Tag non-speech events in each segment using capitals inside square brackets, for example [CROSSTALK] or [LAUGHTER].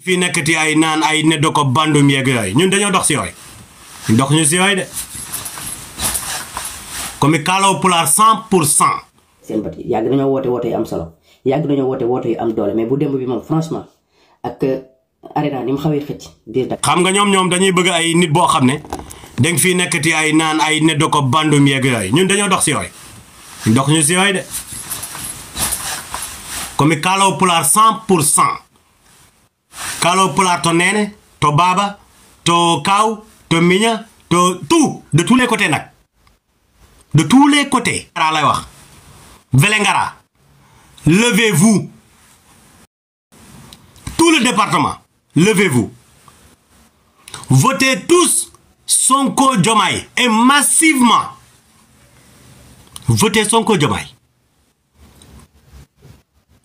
fii nekkati ay naan ay neddo ko bandum yeeg yooyu ñun dañoo dox si yooyu dox ñu si yooyu de comme cent pour cent seen woote woote am solo yàgg dañoo woote woote yu am doole mais bu démb bi euh, mu xawee xam nga ñoom ñoom dañuy bëgg ay nit boo xam ne danga fii nekkati ay naan ay neddo ko bandum yeeg yooyu ñun dañoo dox si yooyu dox ñu si yooyu de comme kaalaw pulaar cent pour cent kalo pulaar to nene to baaba to kaw to miña to tout de tous les côtés nag de tous les côtés ngara lay wax Vélingara levez-vous tout le département levez-vous votez tous Sonko Diomaye et massivement votez Sonko Diomaye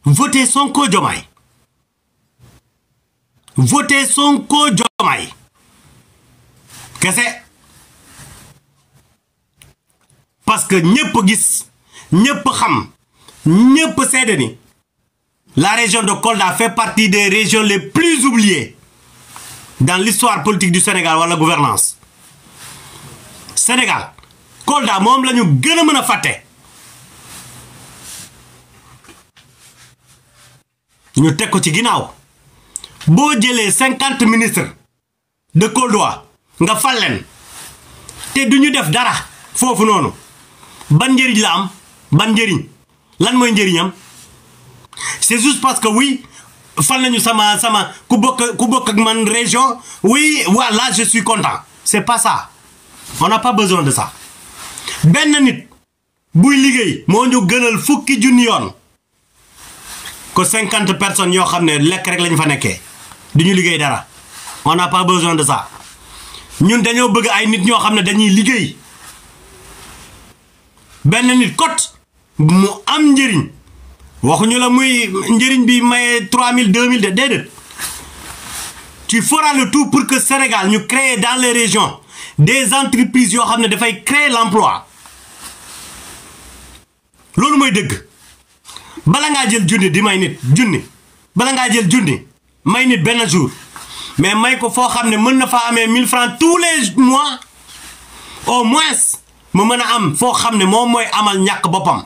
son Sonko Diomaye son Sonko Diomaye kese parce que ñëpp gis ñëpp xam ñëpp seede ni la région de Kolda fait partie des régions les plus oubliées dans l'histoire politique du Sénégal wala gouvernance Sénégal Kolda moom lañu ñu gën a mën a fàtte ñu teg ko ci ginnaaw boo jëlee cinquante ministres de Koldoa nga fal leen te du ñu def dara foofu noonu ban njëriñ la am ban njëriñ lan mooy njëriñam c'est juste parce que oui fal nañu sama sama ku bokk ku bokk ak man région wuy voilà la suis content c'est pas ça on n'a pas besoin de sax benn nit buy liggéey moo ñu gënal fukki junni yoon ko cinquante personnes yoo xam ne lekk rek lañu fa nekkee du ñu liggéey dara on n'a pas besoin de ça ñun dañoo bëgg ay nit ñoo xam ne dañuy liggéey benn nit kot mu am njëriñ ñu la muy njëriñ bi maye 3000 mille de déedéet tu feras le tout pour que Sénégal ñu créer dans les régions des entreprises yoo xam ne dafay créer l'emploi loolu mooy dëgg bala ngaa jël junni di may nit junni bala ngaa jël junni may nit benn jour mais may ko foo xam ne mën na faa amee mille francs tous les mois au moins mu mën a am foo xam ne moom mooy amal ñàkk boppam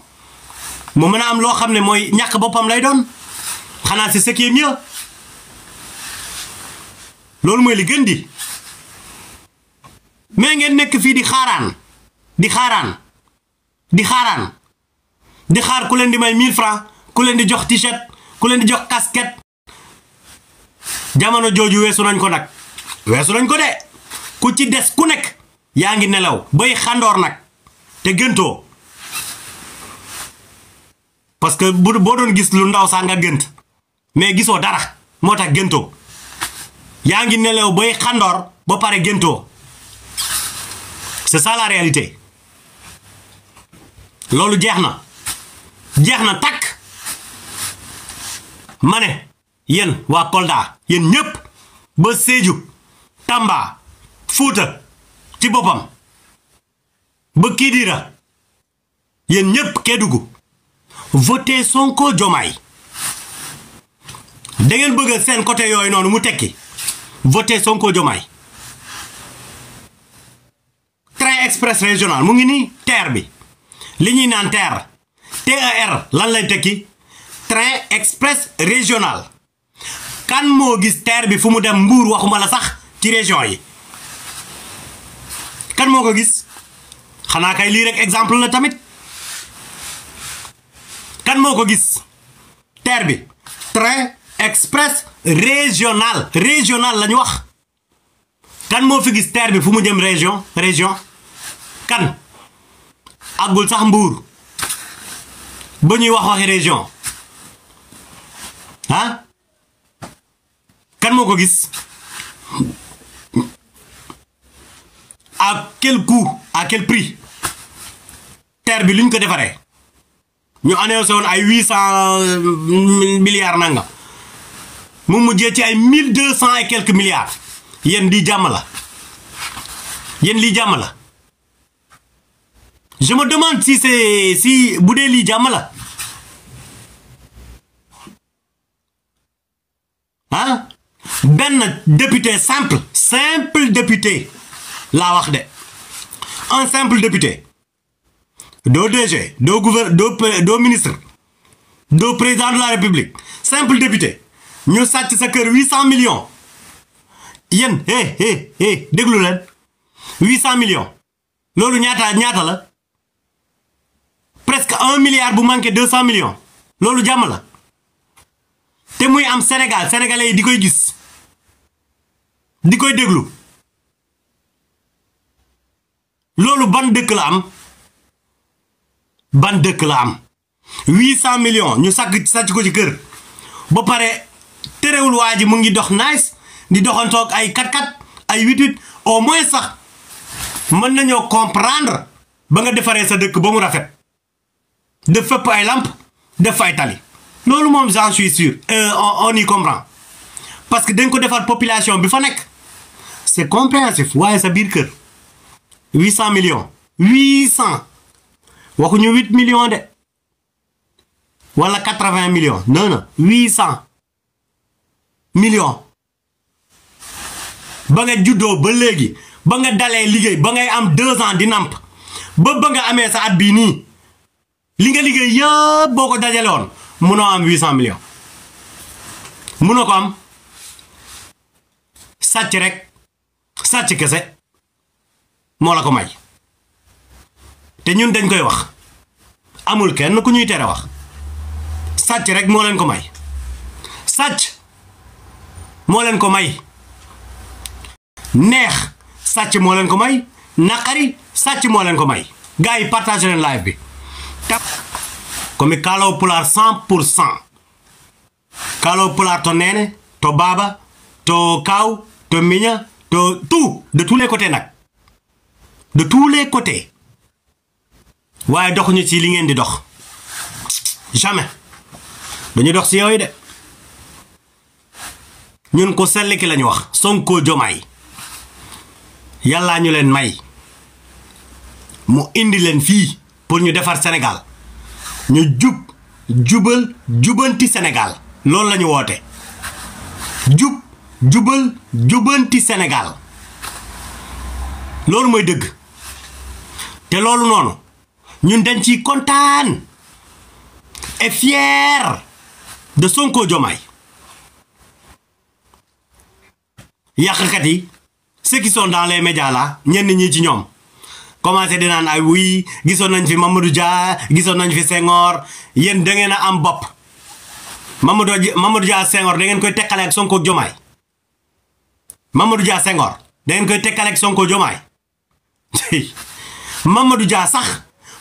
mu mën a am loo xam ne mooy ñàkk boppam lay doon xanaa c'est ce qui loolu mooy li gën di mais ngeen nekk fii di xaaraan di xaaraan di xaaraan di xaar ku leen di may 1000 francs ku leen di jox t ku leen di jox kasket jamono jooju weesu nañ ko nag weesu nañ ko de ku ci des ku nekk yaa ngi nelaw bay xandoor nag te gëntoo parce que bu boo doon gis lu ndaw saa nga gënt mais gisoo dara moo tax gëntoo yaa ngi nelaw bay xandoor ba pare gëntoo c'est ça la loolu jeex na jeex na takk ma ne yéen waa Kolda yéen ñëpp ba Sédhiou Tamba Fuuta ci boppam ba Kidira yéen ñëpp Kédougou voté Sonko Jomaay da bëgg seen côté yooyu noonu mu tekki voté Sonko Jomaay train express régional mu ngi nii TER bi li ñuy naan teer TER TER lan lay tekki train express régional kan moo gis TER bi fu mu dem Mbuur waxuma la sax ci région yi kan moo ko gis xanaa kay lii rek exemple la tamit kan moo ko gis TER bi train express régional régional la ñu wax kan moo fi gis TER bi fu mu jëm région région kan àggul sax Mbuur ba ñuy wax waxi région ah ko gis à quel coût à quel prix terre bi lu ko defaree ñu annoncé woon ay huit cent euh, milliards nanga mu mujjee ci ay mille deux cent et quelques milliards yéen di jàmm la yéen lii jàmm la je me demande si c'est si bu dee lii jàmm la benn député simple simple député laa wax de un simple député doo DG doo gouverneur doo doo ministre doo président de la république simple député ñu sàcc sa kër huit cent million yéen eh eh eh déglu leen huit cent million loolu ñaata ñaata la presque un milliard bu manqué deux cent million loolu jàmm la te muy am Sénégal sénégalais di koy gis di koy déglu loolu ban dëkk la am ban dëkk la am huit cent millions ñu sàcc sàcc ko ci kër ba pare terewul waa ji mu ngi dox nice di doxantoog ay kat-kat ay huit-huit au moins sax mën na ñëw comprendre ba nga defaree sa dëkk ba mu rafet def fépp ay lamp def fa ay tali loolu moom j'en suis sûr euh, on y comprend parce que dañ ko defar population bi fa nekk c'est compréhensif waaye sa biir kër huit cent millions huit cent waxuñu huit millions de wala quatre vingt millions non non huit cent ba nga juddoo ba léegi ba nga dalee liggéey ba ngay am deux di namp ba ba nga amee sa at nii li nga liggéey yëpp boo ko dajalewoon woon munoo am huit cent millions munoo ko am sàcc rek sàcc kese moo la ko may te ñun dañ koy wax amul kenn ku ñuy tere wax sàcc rek moo leen ko may sàcc moo leen ko may neex sàcc moo leen ko may naqari sàcc moo leen ko may gars yi partage leen live bi tap komi kaaloo pulaar cent pour cent kaaloo pulaar to neene to baaba to kaaw to miña de tout de nag de tous les côtés waaye doxuñu ci li ngeen di dox jamais dañu dox ci yooyu de ñun ko sell ki lañu wax Sonko Jomaay yàllaa ñu leen may mu indi leen fii pour ñu defar Sénégal ñu jub jubal jubanti Sénégal loolu la woote jub jubal jubanti senegal loolu mooy dëgg te loolu noonu ñun dañ ci kontaan et fier de Sonko Diomaye yàqkat yi ceux qui sont dans les ñenn ñi ci ñoom commencé di naan ay ah wuy gisoon nañ fi Mamadou jaa gisoon nañ fi Senghor yéen da ngeen a am bopp Mamadou du Dia Senghor da ngeen koy teqale ak sonkoo Diomaye Mamadou Dia Senghor da ngeen koy tekkaleeg Sonko Diomaye Mamadou Dia sax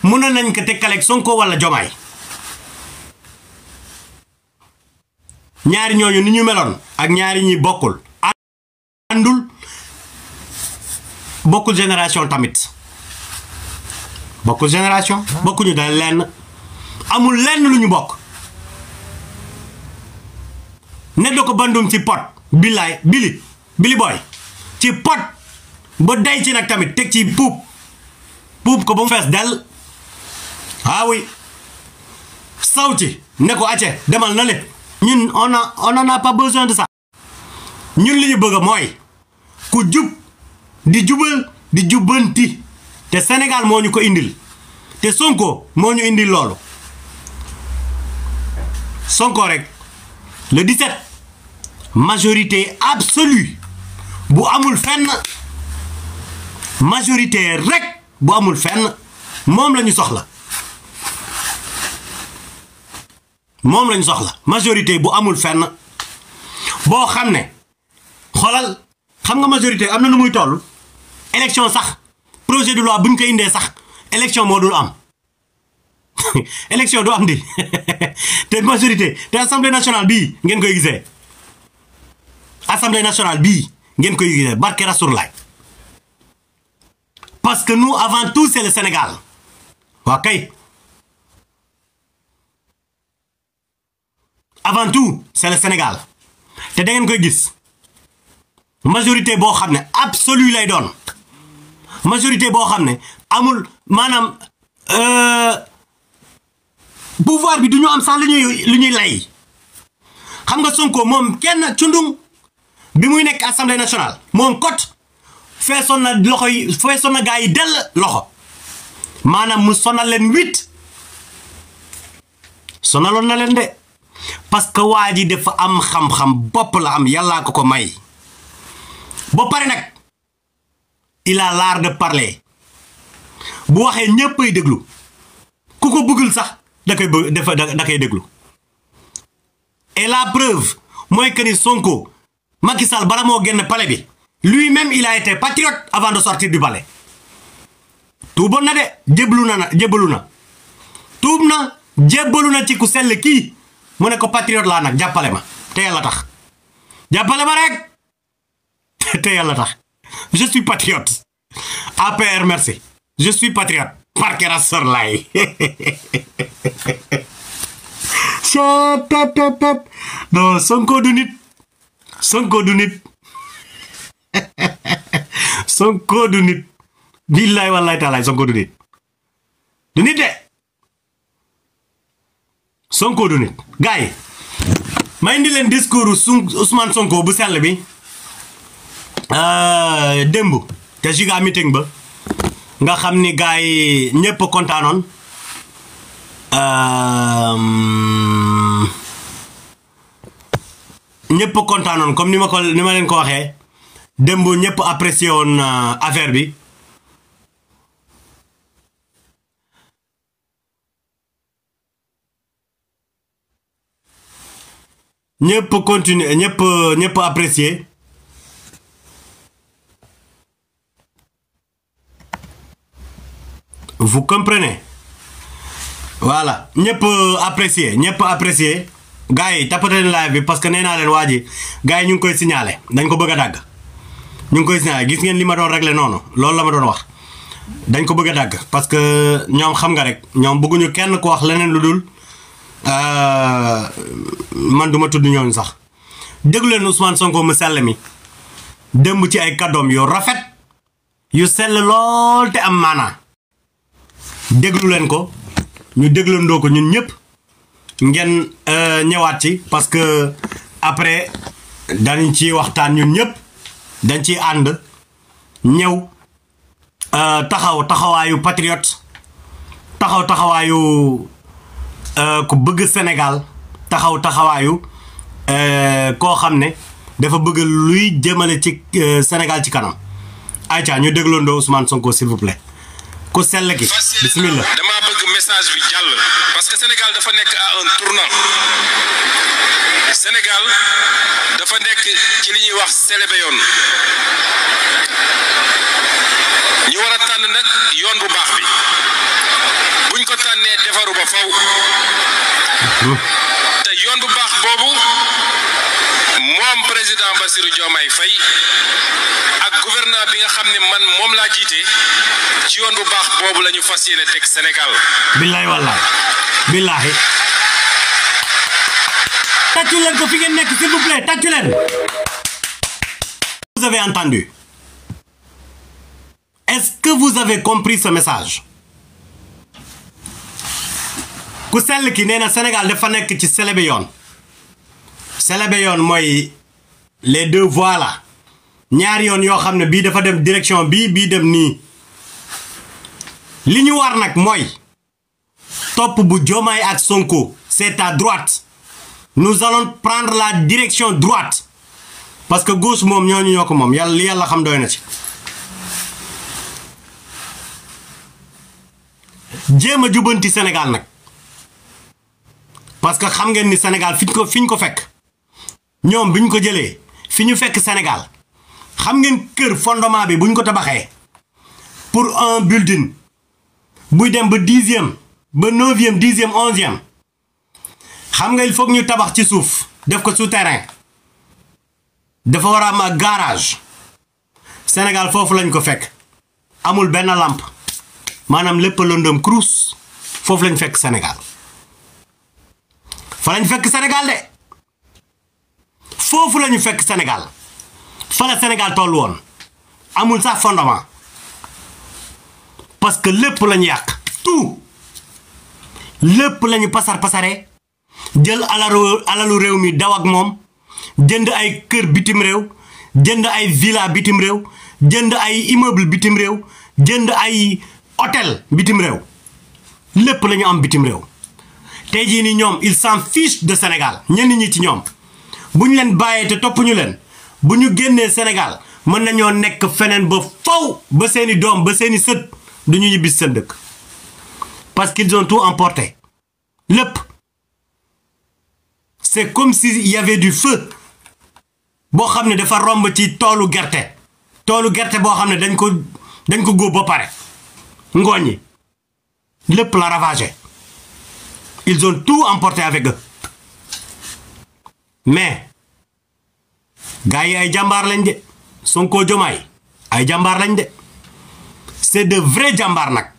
mënoon nañ ko tekkaleeg Sonko wala Diomaye ñaari ñooñu ni ñu meloon ak ñaari ñi bokkul àndul bokkul génération tamit bokkul génération bokkuñu dal lenn amul lenn lu ñu bokk ne da ko bandum ci pot billaay bili Billy ci pot ba day ci nag tamit teg ci puub puub ko ba mu fees dell waawi ah saw ci ne ko acce demal na lépp ñun on a on en de ça ñun li ñu bëgg mooy ku jub di jubal di jubbanti te Sénégal moo ñu ko indil te Sonko moo ñu indil loolu Sonko rek le 17 majorité absolue bu amul fenn majorité rek bu amul fenn moom la ñu soxla moom la soxla majorité bu amul fenn boo xam ne xoolal xam nga majorité am na nu muy toll élection sax projet de loi bu ñu koy indee sax élection moo dul am [LAUGHS] élection du am di [LAUGHS] te majorité te assemblée nationale bii ngeen koy gisee assemblée nationale bii ngeen koy yëg barke Rasoulaay parce que nous avant tout c'est le Sénégal waa kay avant tout c'est te da ngeen koy gis majorité boo xam ne absolu lay doon majorité boo xam ne amul maanaam euh, pouvoir bi du ñu am sax lu ñuy lu ñuy lay xam nga Sonko moom kenn cundung bi muy nekk assemblée nationale moom kot feesoon na yi feesoon gaa yi dell loxo maanaam mu sonal leen huit sonaloon na leen de parce que waa ji dafa am xam-xam bopp la am yàllaa ko ko may ba pare nag il a l'art bu waxee ñëppay déglu ku ko buggul sax da koy da koy déglu et la preuve mooy que Sonko Macky Sall bala moo génn palais bi lui-même il a été patriote avant de sortir du palais tuuboon na de jébbalu na na na tuub na jébbalu na ci ku sell kii mu ne ko patriote laa nag jàppale ma te yàlla tax jàppale ma rek [LAUGHS] te yàlla tax je suis patriote APR merci je suis patriote parke ra sor lay non du nit Sonko du nit Sonko du nit billaay wallaay taalaay Sonko du nit de Sonko du nit gars yi leen discours su Ousmane bu sell bi euh, dëmb te giga meeting ba nga xam ni gars yi ñëpp kontaanoon euh, ñëpp kontaanoon comme ni ma ko ni ma leen ko waxee démb ñëpp apprécié woon euh, affaire bi ñëpp continuer ñëpp ñëpp apprécié fu comprenez voilà ñëpp apprécié ñëpp apprécié gars yi tapatali live bi parce que nee naa leen waa ji yi ñu ngi koy signalé dañ ko bëgg a dàgg ñu ngi koy signalé gis ngeen li ma doon réglé noonu loolu la ma doon wax dañ ko bëgg a dàgg parce que ñoom xam nga rek ñoom bëgguñu kenn ko wax leneen lu dul euh, man du ma tudd ñooñu sax déglu leen Ousmane mu sell mi démb ci ay kàddoom yu rafet yu sell lool te am maanaa déglu leen ko ñu déglandoo ko ñun ñëpp ngeen euh, ñëwaat ci parce que après dañ ci waxtaan ñun ñëpp dañ ciy ànd ñëw euh, taxaw taxawaayu patriote taxaw taxawaayu euh, ku bëgg Sénégal taxaw taxawaayu koo xam ne dafa bëgg luy jëmale ci Sénégal ci kanam ayca ñu dégloondoo Ousmane Sonko s'il ku sell ki bismillah message bi jàll parce que Sénégal dafa nekk à un tournant Sénégal dafa nekk ci li ñuy wax selebe yoon ñu war a tànn nag yoon bu baax bi buñ ko tànnee defaru ba faw te yoon bu baax boobu moom président Bassirou Diomaye fay ak gouvernement bi nga xam ne man moom laa jiite ci yoon bu baax boobu la ñu fas yéene teg Sénégal. billaay wallaay billaahi. tàccu leen ko fi ngeen nekk s'il vous tàccu leen. vous avez entendu. compris ce message. ku sell ki nee na Sénégal dafa nekk ci sele bi yoon. selebe yoon mooy les deux voilà là ñaari yoon yoo xam ne bii dafa dem direction bii bii dem nii li ñu war nag mooy topp bu Diomaye ak Sonko c'est à droite nous allons prendre la direction droite parce que gauche moom ñooñu ñoo ko moom yàlla li yàlla xam doy na ci jéem a jubanti Sénégal nag parce que xam ngeen ni senegal fi ko fi ñu ko fekk ñoom bi ko jëlee fi ñu fekk senegal xam ngeen kër fondement bi bu ñu ko tabaxee pour un building buy dem ba dixième ba neuvième dixième onzième xam nga il foog ñu tabax ci suuf def ko souterrain dafa war a am ak garage Sénégal foofu lañ ko fekk amul benn lampe maanaam lépp lëndëm cruus foofu lañ fekk Sénégal fa lañ fekk Sénégal de. foofu la ñu fekk Sénégal fa la Sénégal toll woon amul sax fondement parce que lépp lañu yàq tout lépp lañu ñu pasar pasare jël alalu réew mi daw ak moom jënd ay kër bitim réew jënd ay villa bitim réew jënd ay immeuble bitim réew jënd ay hôtel bitim réew lépp la am bitim réew te jii ni ñoom il s'en fichent de Sénégal ñenn ñi ci ñoom bu ñu leen bàyyee te toppuñu leen bu ñu génnee Sénégal mën nañoo nekk feneen ba faw ba seeni doom ba seeni sët du ñu ñibbi seen dëkk parce qu'ils ont tout emporté lépp c'est comme si y du feu boo xam ne dafa romb ci toolu gerte toolu gerte boo xam ne dañ ko dañ ko góob ba pare ngooñ yi lépp la ravagé ils ont tout emporté avec mais gars yi ay jàmbaar lañ de sonkoo Jomaay ay jàmbaar lañ de c'est de vrai jàmbaar nag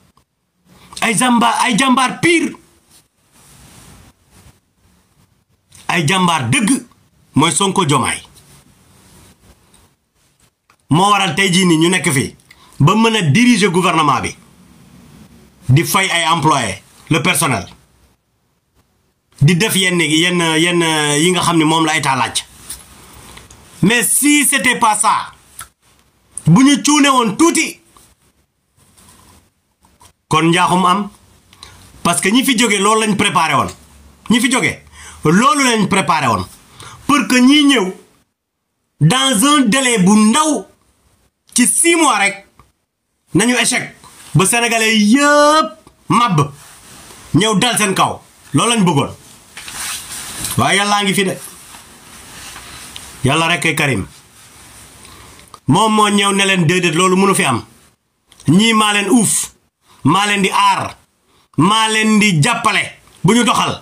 ay jàmbaar ay jàmbaar pire ay jàmbaar dëgg mooy Sonko Jomaay moo waral tey jii nii ñu nekk fii ba mën a diriger gouvernement bi di fay ay employés le personnel di def yenn yenn yenn yi nga xam ne moom la état laaj mais si c'était pas ça bu ñu cuune woon tuuti kon njaaxum am parce que ñi fi jóge loolu lañ préparé woon ñi fi jóge loolu lañ préparé woon pour que ñi ñëw dans un délai bu ndaw ci six mois rek nañu échec ba sénégalais yëpp màbb ñëw dal seen kaw loolu lañ buggoon waaye yàllaa ngi fi de yàlla rekk Karim moom moo ñëw ne leen déedéet loolu mënu fi am ñii maa leen uuf maa leen di aar maa leen di jàppale bu ñu doxal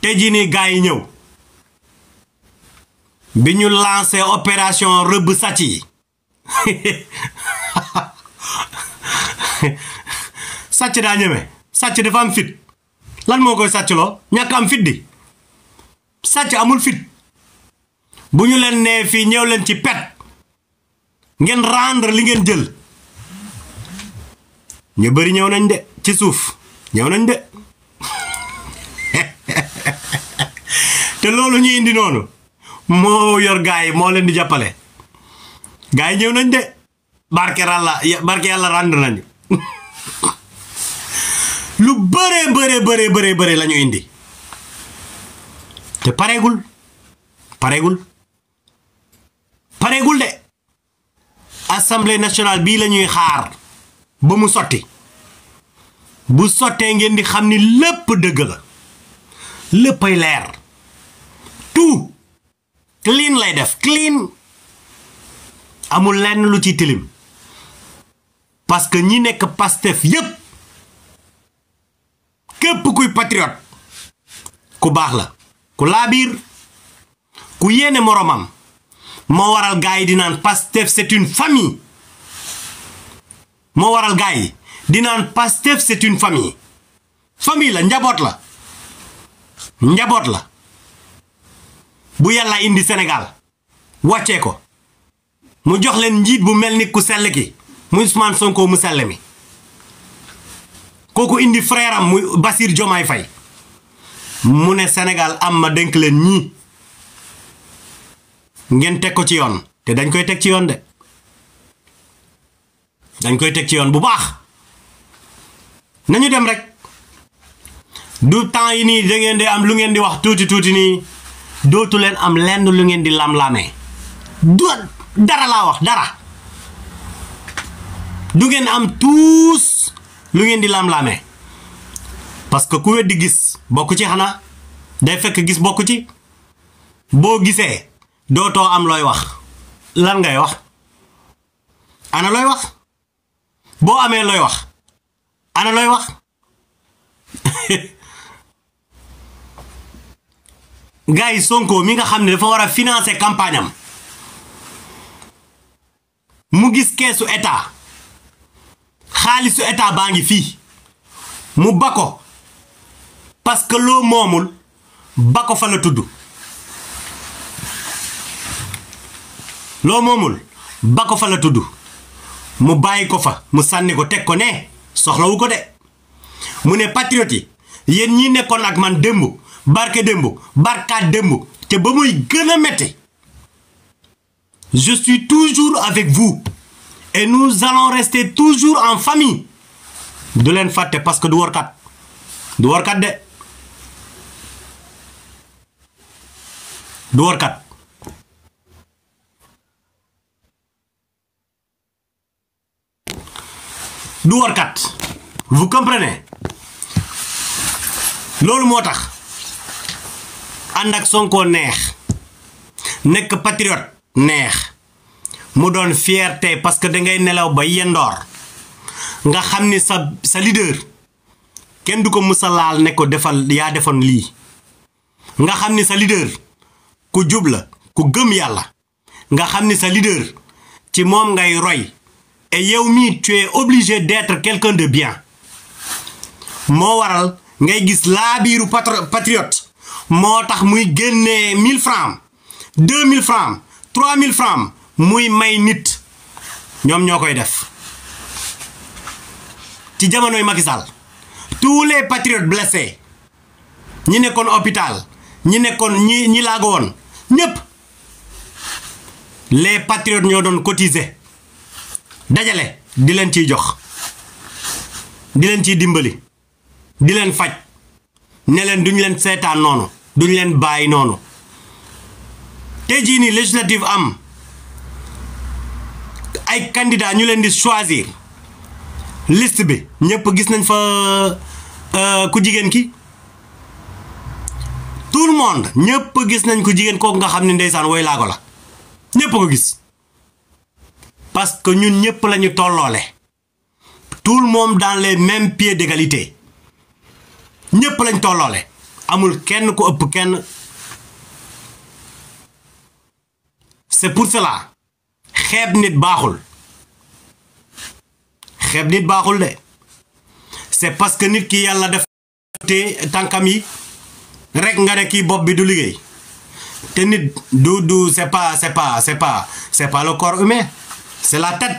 te ji ni gaa yi ñëw bi ñu lancé opération rëbb sàcc yi [LAUGHS] sàcc daa ñeme sàcc dafa fit lan moo koy sàcc loo ñàkk am fit di sàcc amul fit bu ñu leen nee fii ñëw leen ci pet ngeen rendre li ngeen jël ñu bëri ñëw nañ de ci suuf ñëw nañ de [LAUGHS] te loolu ñu indi noonu moo yor gaay moo leen di jàppale gaay yi ñëw nañ de barke yàlla barke yàlla [LAUGHS] lu bëree bëree bëree bëree bëri la indi te pareegul pareegul pareegul de assemblée nationale bii la ñuy xaar ba mu sotti bu sottee ngeen di xam ni lépp dëgg la léppay leer tout clean lay def clean amul lenn lu ci tilim parce que ñi nekk Pastef yëpp képp kuy patriote ku baax la ku laabiir ku yéene moroomam moo waral gars yi di naan Pastef c'est une famille moo waral gars yi di naan Pastef c'est une famille famille la njaboot la njaboot la bu yàlla indi Sénégal wàccee ko mu jox leen njiit bu mel ni ku sell ki mu Ousmane Sonko mu sell mi kooku indi frère am muy Basir Diomaye mu ne senegal am ma dénk leen ñii ngeen teg ko ci yoon te dañ koy teg ci yoon de dañ koy teg ci yoon bu baax nañu dem rek du temps yi nii da ngeen di am lu ngeen di wax tuuti tuuti nii dootu leen am lenn lu ngeen di lam-lamee du dara laa wax dara du ngeen am tuus lu ngeen di lam-lamee parce que ku weddi gis bokk ci xanaa day fekk gis bokk ci boo gisee dootoo am looy wax lan ngay wax ana looy wax boo amee looy wax ana looy wax [LAUGHS] gars yi Sonko mi nga xam ne dafa war a financer campagne mu gis keesu état xaalisu état baa ngi fii mu bako parce que loo moomul ba ko fa la tudd loo moomul ba ko fa la tudd mu bàyyi ko fa mu sànni ko teg ko ne soxlawu ko de mu ne patriote yi yéen ñi nekkoon ak man démb barke démb barkaat démb te ba muy gën a métti je suis toujours avec vous et nous allons rester toujours en famille du leen fàtte parce que du warkat du warkat de du warkat du warkat vous comprenez loolu moo tax ànd ak Sonko neex nekk patriote neex mu doon fierté parce que da ngay nelaw ba yendoor nga xam ni sa sa leader kenn du ko musa ne ko defal yaa defoon lii nga xam ni sa leader ku jubla ku gëm yàlla nga xam ni sa leader ci moom ngay roy et yow mii tu es obligé d'être quelqu'un de bien moo waral ngay gis laa biiru patriote moo tax muy génnee mille francs deux mille francs trois mille francs muy may nit ñoom ñoo koy def ci jamonoy makisal Sall tous les patriotes blessés ñi nekkoon hôpital ñi nekkoon ñi ñi laago woon ñépp les patriotes ñoo doon cotiser dajale di leen ciy jox di leen ci dimbali di leen faj ne leen duñ leen seetaan noonu duñ leen bàyyi noonu te jii nii législative am ay candidat ñu leen di choisir liste bi ñëpp gis nañ fa euh, ku jigéen ki tout le monde ñëpp gis nañ ko jigéen kooku nga xam ne ndeysaan woy laago la ñëpp ko gis parce que ñun ñëpp la tolloole tout le monde dans les mêmes pieds d'égalité ñëpp lañ tolloole amul kenn ku ëpp kenn c'est pour cela xeeb nit baaxul xeeb nit baaxul de c'est parce que nit ki yàlla def te yi rek nga ne kii bopp bi du liggéey te nit du du c'est pas c'est pas c'est pas le corps humain c'est la tête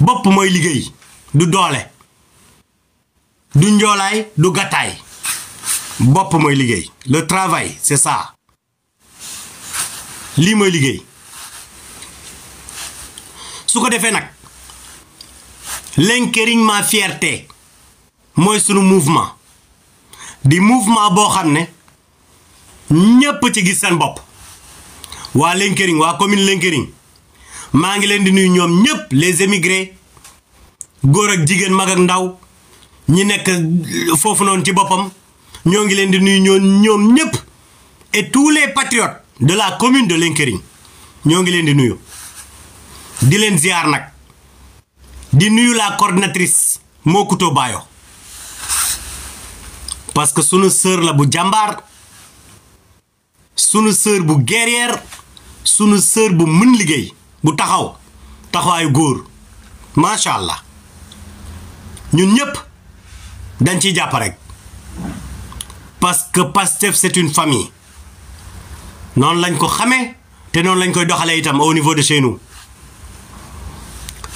bopp mooy liggéey du doole du njoolaay du gataay bopp mooy liggéey le travail c'est ça lii mooy liggéey su ko defee nag l'enquiring ma fierté mooy sunu mouvement di mouvement boo xam ne ñépp ci gis seen bopp waa Linkering waa commune Linkering maa ngi leen di nuyu ñoom ñépp les émigrés góor ak jigéen mag ndaw ñi nekk foofu noonu ci boppam ñoo ngi leen di nuyu ñoon ñoom ñépp et tous les patriotes de la commune de Linkering ñoo ngi leen di nuyu di leen ziar nag di nuyu la coordinatrice Mokuto Bayo parce que sunu sœur la bu jàmbaar sunu sœur bu guerrière sunu sœur bu mën liggéey bu taxaw taxawaayu góor macha allah ñun ñëpp dañ ciy jàpp rek parce que Pastef c'est une famille noonu lañ ko xamee te noonu lañ koy doxalee itam au niveau de chez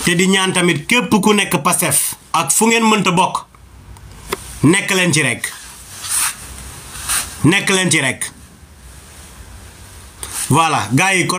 te di ñaan tamit képp ku nekk Pastef ak fu ngeen mënta bokk nekk leen ci rek nekk leen ci rek voilà gars